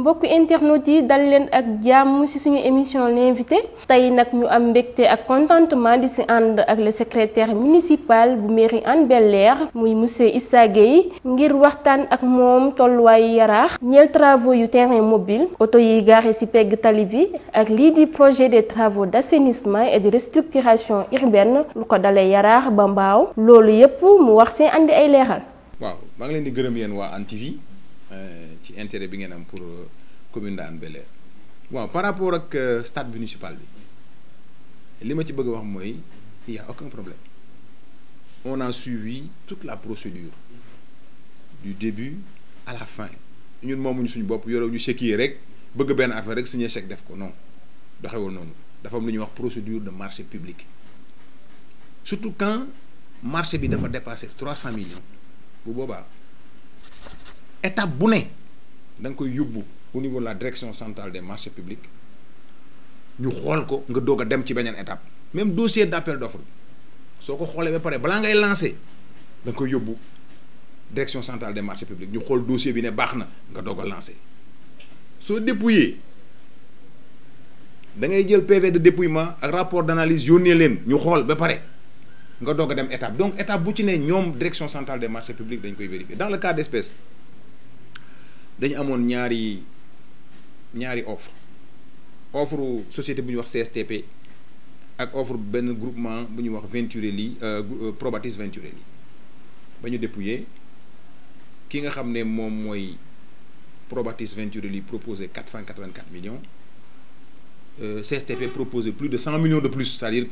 mbokk internautes yi dal leen ak jàmm ci suñu émission l'invité tey nag ñu am mbégte ak contentement di ci ànd ak le secrétaire municipal bu mairie anne bel muy monsieur Issa Gueye ngir waxtaan ak moom tolluwaayu yaraax ñeel travaux yu terrain mobile oto yi garé ci pegg tali bi ak lii di projet des travaux d'assainissement et de restructuration urbaine lu ko dalee yaraax ba mbaaw loolu yépp mu wax ci andi ay leeral. waaw maa ngi leen di gërëm yéen waa Hann TV euh, ci intérêt bi ngeen am pour euh, commune de Bel-Air par rapport ak euh, stade municipal bi li ma ci bëgg wax il y a aucun problème on a suivi toute la procédure du début à la fin ñun moomuñu suñu bopp yorewuñu chèque yi rek bëgg benn affaire rek signé chèque def ko non doxewul noonu dafa am lu ñuy wax procédure de marché public surtout quand marché bi dafa dépassé 300 millions bu boobaa étape bu ne da koy yóbbu au niveau de la direction centrale des marchés publics ñu xool ko nga doog a dem ci beneen étape même dossier d'appel d'offres d' offre soo ko xoolee ba pare ngay lancé dang koy yóbbu direction centrale des marchés publics ñu xool dossier bi ne baax na nga doog a lancé soo dépouillé da ngay jël PV de dépouillement ak rapport d' analyse yónnee leen ñu xool ba pare nga doog a dem étape donc étape bu ci ne ñoom direction centrale des marchés publics dañ koy vérifier dans le cas d' Nous amone ñaari ñaari offre offre société buñ wax CSTP ak offre ben groupement buñ wax Venturelli euh, euh, Probatis bañu dépouillé ki nga xamné Probatis proposé 484 millions euh, CSTP proposé plus de 100 millions de plus c'est-à-dire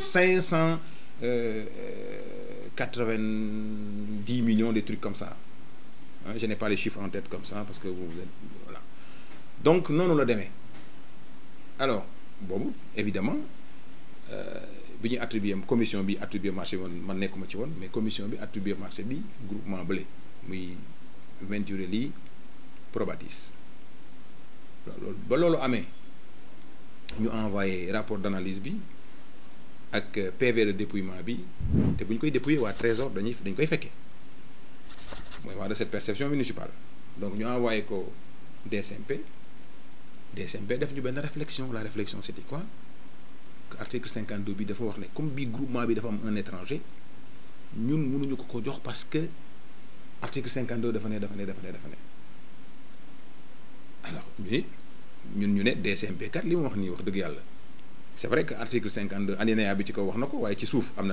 590 euh, euh, millions de trucs comme ça Hein, je n'ai pas les chiffres en tête comme ça parce que vous, êtes. Voilà. Donc, non, nous le Alors, bon, évidemment, euh, bi ñu commission bi attribué marché mon man comme ci mais commission bi attribué marché bi groupement blé oui ventureli Probatis Lolo ba Nous a ñu envoyé rapport d'analyse avec bi euh, PV de dépouillement bi te ou à koy dépouiller waa trésor dañuy fait voilà cette perception municipale donc nous avons envoyé ko DCMP DSMP a fait une réflexion la réflexion c'était quoi article 52 bi dafa wax comme bi groupement bi dafa un étranger nous nous ko ko jox parce que article 52 dafa devenait. dafa ne dafa ne dafa alors oui ñun ñu ne DCMP kat li wax nii wax c'est vrai que article 52 alinéa bi ci au wax na souffre ci suuf am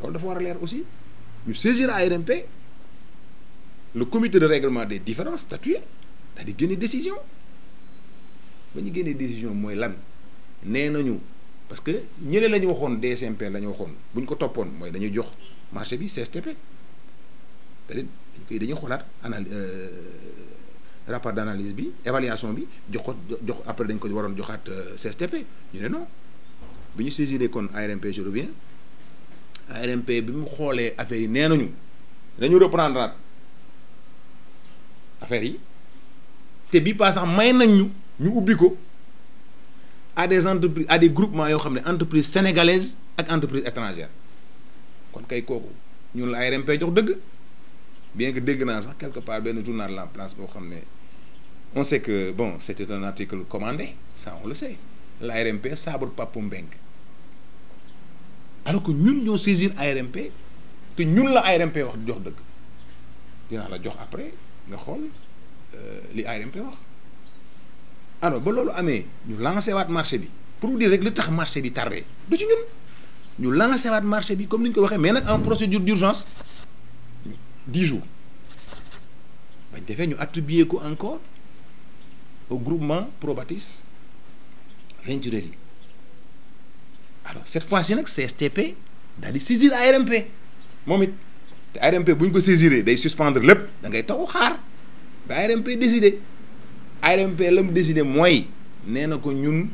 loolu dafa voir l'air aussi ñu saisir rmp le comité de règlement des différences statué daal di génne décision ba ñu décision mooy lan nañu parce que ñële la ñu waxoon DSMP la ñu waxoon ko toppoon mooy marché bi CSTP à dañuy euh, rapport d'analyse bi évaluation bi jox jox après dañ ko euh, CSTP ñu ne non bi ñu kon je reviens RMP bi mu xoolee affaire yi nee nañu dañu reprendre affaire yi te bi pas may nañ ñu ñu ubbi ko à des entreprises à des groupements yoo xam ne entreprise sénégalaise ak entreprise étrangère kon kay kooku ñun la RMP jox dëgg bien que dégg naa sax quelque part benn journal la place boo xam ne on sait que bon c'était un article commandé ça on le sait RMP sabre Pape Mbengue alors que nous, avons saisir l'ARMP que nous la ARMP wax jox la après nga euh li ARMP wax alors ba nous avons ñu lancé waat marché pour nous dire rek le marché bi tardé du ci ñun lancé waat marché comme nous le ko mais en procédure d'urgence 10 jours bañ defee attribué encore au groupement Probatis Venturelli alors cette fois-ci nag CSTP daal di saisir ARMP moom it te ARMP bu ñu ko saisiree day suspendre lépp da ngay taxu xaar ba ARMP décidé ARMP la mu décidé mooy nee na ko ñun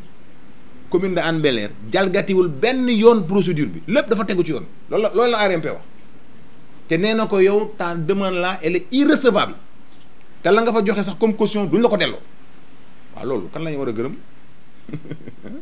commune de Hann Bel-Air jalgatiwul benn yoon procédure bi lépp dafa tegu ci yoon loolu la loolu la ARMP wax te nee na ko yow ta demande là elle est irrecevable te la nga fa joxe sax comme caution duñ la ko delloo waaw loolu kan la ñu war a gërëm.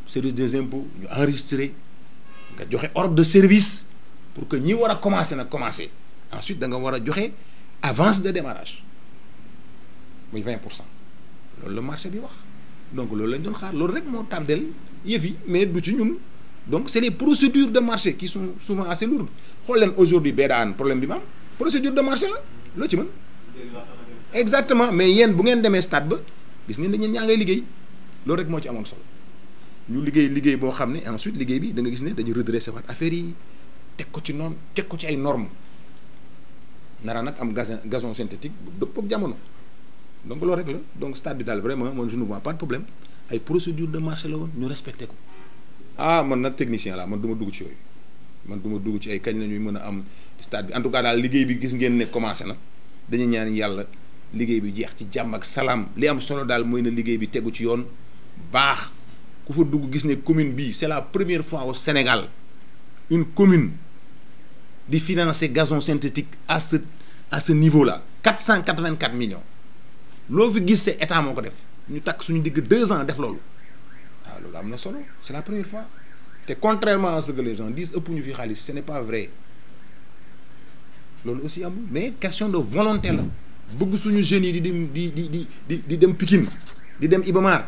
service des impôts ñu enregistré nga joxe ordre de service pour que ñi wara commencer commencer ensuite da nga wara joxe avance de démarrage muy 20 pour cent marché bi wax donc le lañ doon xaar loolu rek mo tandel mais du ci ñun donc c'est les procédures de marché qui sont souvent assez lourdes xool aujourd'hui un problème bi ma procédure de marché la lo ci exactement mais y bu ngeen démé stade ba gis ngeen dañeen ñaan ngay liggéey loolu rek mo ci amoon solo ñu liggéey liggéey boo xam ne ensuite liggéey bi da nga gis ne dañu redresser waat affaire yi teg ko ci noonu teg ko ci ay normes nara nag am gazon gazon synthétique bu dëppoo ak jamono donc loolu rek la donc stade bi daal vraiment man je ne vois pas de problème ay procédure de marché la woon ñu respecté ko ah man nag technicien la man du ma dugg ci yooyu man du ma dugg ci ay kañ la ñuy mën a am stade bi en tout cas daal liggéey bi gis ngeen ne commencé na dañuy ñaan yàlla liggéey bi jeex ci jàmm ak salaam li am solo daal mooy na liggéey bi tegu ci yoon baax dugg commune bi c'est la première fois au Sénégal une commune di financer gazon synthétique à ce à ce niveau là 484 millions loo fi gis c'est état moo ko def ñu takk suñu digg deux ans def loolu waaw ah, loolu am solo c'est la première fois te contrairement à ce que les gens disent fi xaalis ce n'est pas vrai loolu aussi amul mais question de volonté la bëgg suñu jeunes yi di di di di di dem Pikine di dem Ibamar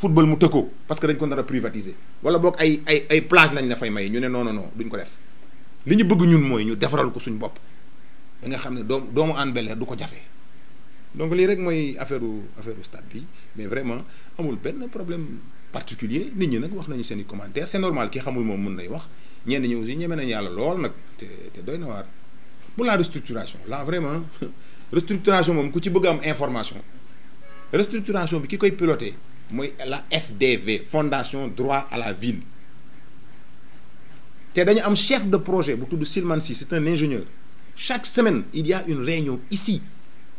football mu tëkkoo parce que dañ ko nar privatiser wala bok ay ay ay plage lañ la fay may ñu ne non non non duñ ko def li ñu bëgg ñun mooy ñu defaral ko suñ bopp ba nga xam ne doomu doomu Hann bel du ko jafe donc lii rek mooy affaire affaire stade bi mais vraiment amul benn problème particulier nit ñi nag wax nañu seen i c'est normal ki xamul moom mun nay wax ñenn ñi aussi ñeme nañ yàlla lool nag te te doy na waar pour la restructuration là vraiment restructuration moom ku ci bëgg am information restructuration bi ki koy piloté muy la FDV fondation droit à la ville te dañu am chef de projet bu tudd Silman Sy c'est un ingénieur chaque semaine il y a une réunion ici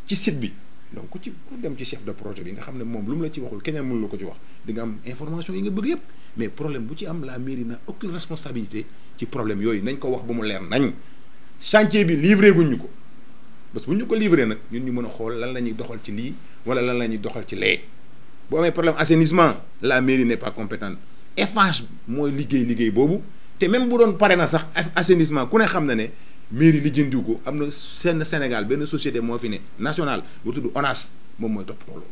ci site bi donc ku ci ku dem ci chef de projet bi nga xam ne moom lu mu la ci waxul keneen mënu ko ci wax di nga am information yi nga bëgg yëpp mais problème bu ci am la mairie n'a aucune responsabilité ci problème yoy nañ ko wax bu mu leer nañ chantier bi livré guñu ko parce que bu ko livré nak ñun ñu mëna xol lan lañuy doxal ci li wala lan lañuy doxal ci lé bon mais problème assainissement la mairie n'est pas compétente FH moi liggéey liggéey bobo te même bu doon pare na sax assainissement ku xam na mairie li jëndiw ko am na seen Sénégal ben, société moo fi nationale bu tudd ONAS moom mooy top, loolu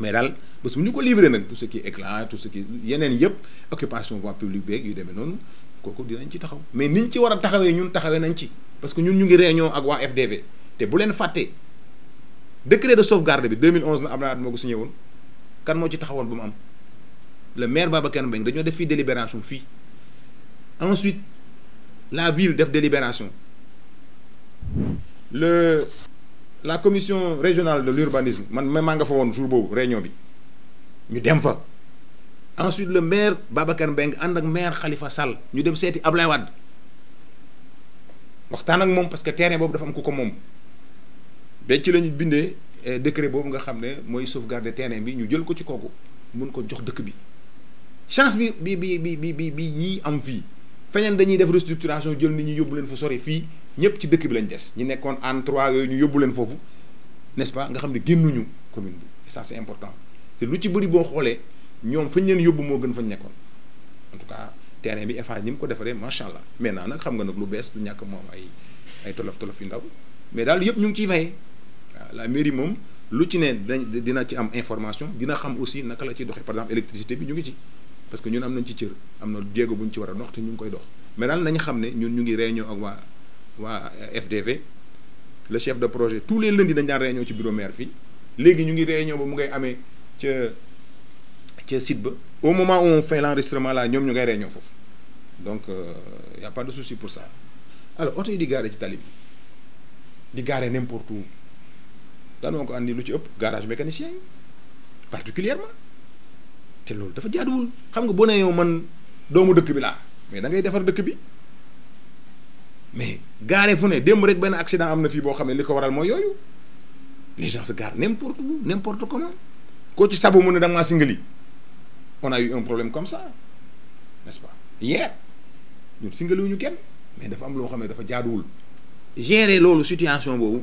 mais daal bés bu ñu ko livré nag tout ce qui éclat tout ce qui yeneen yëpp occupation voie publique beeg yu non, coco dit dinañ ci taxaw mais niñ ci war a taxawee ñun taxawee nañ ci parce que ñun ñu ngi réunion ak waa FDV te bu leen fàttee décret de sauvegarde bi 2011 na Abdoulaye Wade ko signé kan mo ci taxawoon bu mu am le maire Babacar Mbengue dañoo def fi délibération fii ensuite la ville def délibération le la commission régionale de l'urbanisme man ma maa nga fa woon jour boobu réunion bi ñu dem fa ensuite le maire Babacar Mbengue ànd ak maire Khalifa Sall ñu dem seeti Ablaye Wade waxtaan ak moom parce que terrain boobu dafa am ku ko moom ba ci la ñu bindee eh, décret bobu nga xamné moy sauvegarder terrain bi ñu jël ko ci koku mun ko jox dëkk bi chance bi bi bi bi bi bi bi am fii feneen dañuy def restructuration jël nit ñi yóbbu leen fa sori fi ñëpp ci dëkk bi lañ dess ñi nekkoon en trois yoy ñu yóbbu leen foofu n'est-ce pas nga xamné gennuñu commune bi et ça c'est important té lu ci bëri boo xolé ñom fañ leen yobbu mo gën fañ nekkoon en tout cas terrain bi Eiffage ñim mu ko defaree macha allah maintenant nak xam nga nak lu bees du ñàkk moom ay ay tolof tolof yu ndaw mais dal yëpp ñu ngi ciy fayee. Euh, la mairie mom lu ci né dina ci am information dina xam aussi naka la ci doxee par exemple électricité bi ñu ngi ci parce que ñun am nañ ci cër amna na buñ ci wara a ñu koy dox mais dal nañ xamné ñun ñu ngi réunion ak wa wa euh, FDV le chef de projet tous les lundis dañ daan réunion ci bureau maire fi légui ñu ngi réunion ba mu ngay amé ci ci site ba au moment où on fait l'enregistrement là ñom ñu ngay réunion foofu donc euh, y a pas de souci pour ça alors auto yi di gaare ci talib di garé n'importe où lan moko andi lu ci upp garage mécanicien particulièrement té loolu dafa jaaduwul xam nga boo nee yow man doomu dëkk bi la mais da ngay défar dëkk bi mais garé fu ne démb rek ben accident amna fi bo boo liko waral moy yoyu les gens se garent n'importe où n'importe comment ko ci sabu mu ne da nga singali on a eu un problème comme ça n'est-ce pas hier ñu singali wuñu kenn mais dafa am lo xam dafa jaaduwul gérer loolu situation bobu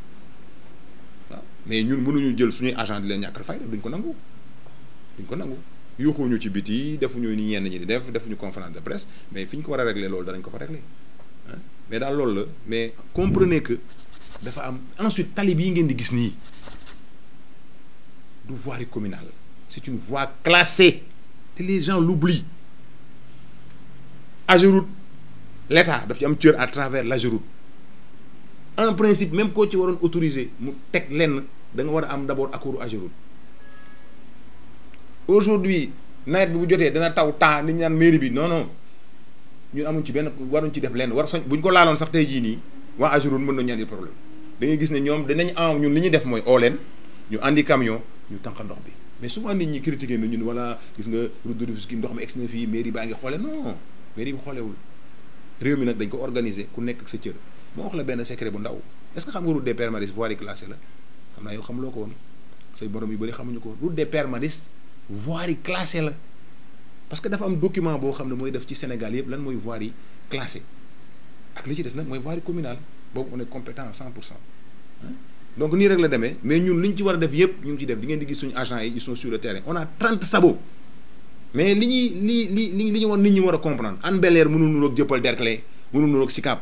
mais ñun mënuñu jël suñuy agent di leen ñàkkal fay duñ ko nangu duñ ko nangu yuuxuñu ci biti defuñu ni ñenn ñi di def defuñu conférence de presse mais fi ñu ko war a régler loolu danañ ko fa régler hein. mais daal loolu la mais comprenez que dafa am ensuite talib yi ngeen di gis nii du communal communale c'est une voie classée te les gens l'oublient Ageroute l'État daf ci am cër à travers l'Ageroute en principe même ko ci waroon autoriser mu tek len da nga wara am d' akuru accord aujourd'hui nawet bu joté dana taw temps ni ñu mairie bi non non ñun amuñ ci ben waruñ ci def len war buñ ko laalon sax tay ji ni wa Ageroute mën nañu andi problème da ngay gis ne ñoom danañ am ñun li ñuy def moy oo leen ñu andi camion ñu tànq ndox bi mais souvent nit ñi critiquer na ñun wala gis nga route de Rufisque ndox ma egsi na fii mairie baa ngi xoole non mairie bi xolé wul réew mi nak dañ ko organiser ku nekk ak sa cër moo la benn secret bu ndaw est-ce que xam nga route des Pères Maris voirie classée la xam naa yow xamuloo ko woon say borom yu bëri xamuñu ko route des Pères Maris voirie classée la parce que dafa am document boo xam ne mooy def ci Sénégal yëpp lan mooy voirie classé ak li ci des nag mooy voirie communal boobu on est compétent à 100 pour cent hein? donc nii rek la demee mais ñun li ñu ci war a def yëpp ñu ngi ci def di ngeen di gis suñu agents yi ils sont sur le terrain on a 30 sabots mais li ñuy li li li ñu war nit ñi war a comprendre Hann Bel-Air mënul nuroog Dieuppeul Derklé mënul nuroog Sicap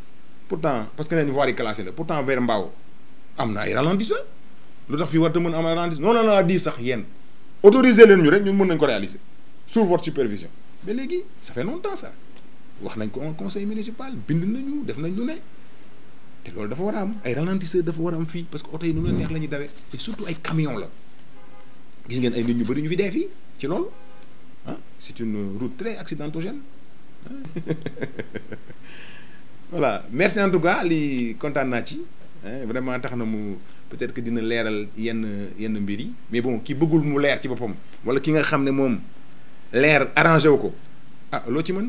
pourtant parce que neen voies voie classées pourtant vers Mbao Amna na ay ralentisseurs lu tax fii war te mën am ralentisseur non non non dis sax rien. autoriser leen ñu nous, ñun mën nañ ko réaliser sous votre supervision mais les gars, ça fait longtemps ça On a ko conseil municipal bind nañu def nañ lu ne té loolu dafa wara a am ay ralentisseurs dafa wara am fi parce que auto yi nu la neex lañu ñuy et surtout ay camions la gis ngeen ay nit ñu bari ñu fi dee fi ci loolu ah, c'est une route très accidentogène ah. voilà merci en tout cas li kontaan naa ci hein, vraiment taxna mu peut-être que dina leral yenn yenn mbir yi mais bon ki bëggul mu leer ci bopam wala ki nga xamne mom moom leer arrangé wu ko ah lo ci mën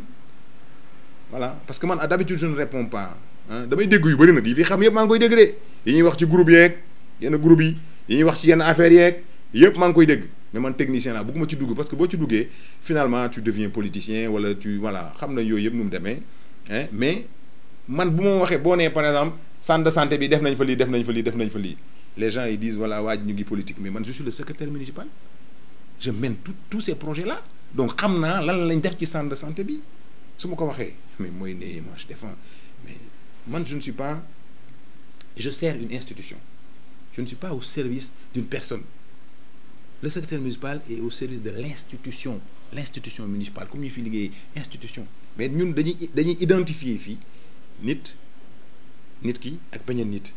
voilà parce que man d'habitude je ne réponds pas hein damay dégg yu bari nag yi fi xam yépp maa ngi koy dégg dé yi ñi wax ci groupe yéek yenn groupe yi yi ñi wax ci yenn affaire yéek yépp maa ngi koy dégg mais man technicien laa bëgguma ci dugg parce que bo ci duggé finalement tu deviens politicien wala tu voilà xam na yooyu yëpp nu mu hein mais man bu ma waxee boo nee par exemple centre de santé bi def nañ fa lii def nañ fa lii def nañ fa lii les gens ils disent voilà waaj ñu ngi politique mais man je suis le secrétaire municipal je mène tout tous ces projets là donc xam naa lan lañ def ci centre de santé bi su ma ko waxee mais mooy ne moi je défends mais man je ne suis pas je sers une institution je ne suis pas au service d'une personne le secrétaire municipal est au service de l'institution l'institution municipale comme il fi liggéey institution mais ñun dañuy identifier fii nit nit ki ak bañ nit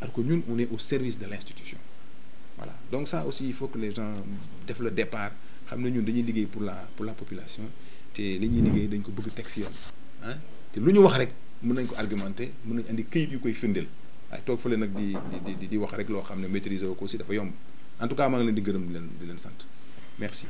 alors que ñun on est au service de l'institution voilà donc ça aussi il faut que les gens def le départ xam ne ñun dañuy liggéey pour la pour la population té liñuy liggéey dañ ko bëgg teg si yoon hein té luñu wax rek mën nañ ko argumenter mën nañ andi keuy yu koy firndeel waaye toog fële nak di di di di wax rek lo xamné maîtriser ko aussi dafa yomb en tout cas ma ngi leen di gërëm di leen di leen sant merci.